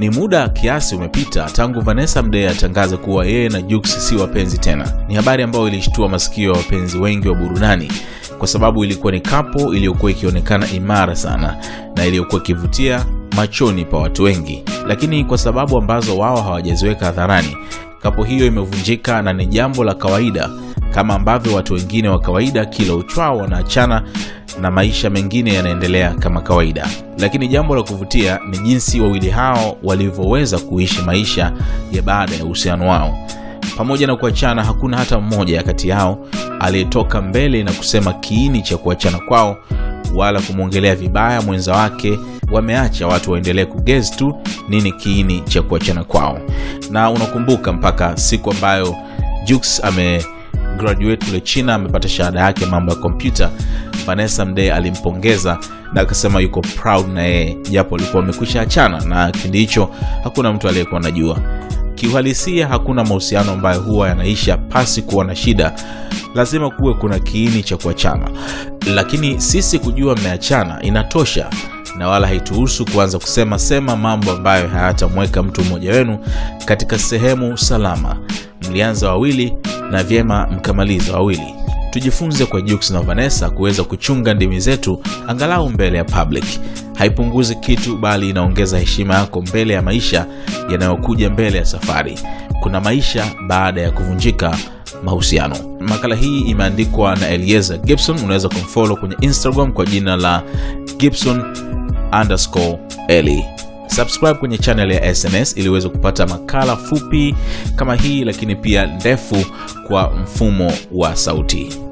Ni muda kiasi umepita tangu Vanessa Mdee atangaze kuwa yeye na Jux si wapenzi tena. Ni habari ambayo ilishtua masikio ya wapenzi wengi wa burudani kwa sababu ilikuwa ni kapo iliyokuwa ikionekana imara sana na iliyokuwa ikivutia machoni pa watu wengi, lakini kwa sababu ambazo wao hawajaziweka hadharani, kapo hiyo imevunjika na ni jambo la kawaida kama ambavyo watu wengine wa kawaida kila uchwao wanaachana na maisha mengine yanaendelea kama kawaida. Lakini jambo la kuvutia ni jinsi wawili hao walivyoweza kuishi maisha ya baada ya uhusiano wao. Pamoja na kuachana, hakuna hata mmoja ya kati yao aliyetoka mbele na kusema kiini cha kuachana kwao wala kumwongelea vibaya mwenza wake. Wameacha watu waendelee kugezi tu nini kiini cha kuachana kwao, na unakumbuka mpaka siku ambayo juks ame graduate kule china amepata shahada yake mambo ya kompyuta vanessa mdee alimpongeza na akasema yuko proud na yeye japo alikuwa amekwisha achana na kipindi hicho hakuna mtu aliyekuwa anajua kiuhalisia hakuna mahusiano ambayo huwa yanaisha pasi kuwa na shida lazima kuwe kuna kiini cha kuachana lakini sisi kujua mmeachana inatosha na wala haituhusu kuanza kusema sema mambo ambayo hayatamweka mtu mmoja wenu katika sehemu salama mlianza wawili na vyema mkamaliza wawili tujifunze kwa Jux na Vanessa kuweza kuchunga ndimi zetu angalau mbele ya public. Haipunguzi kitu, bali inaongeza heshima yako mbele ya maisha yanayokuja mbele ya safari. Kuna maisha baada ya kuvunjika mahusiano. Makala hii imeandikwa na Eliezer Gibson. Unaweza kumfollow kwenye Instagram kwa jina la Gibson underscore Eli subscribe kwenye channel ya sns ili uweze kupata makala fupi kama hii lakini pia ndefu kwa mfumo wa sauti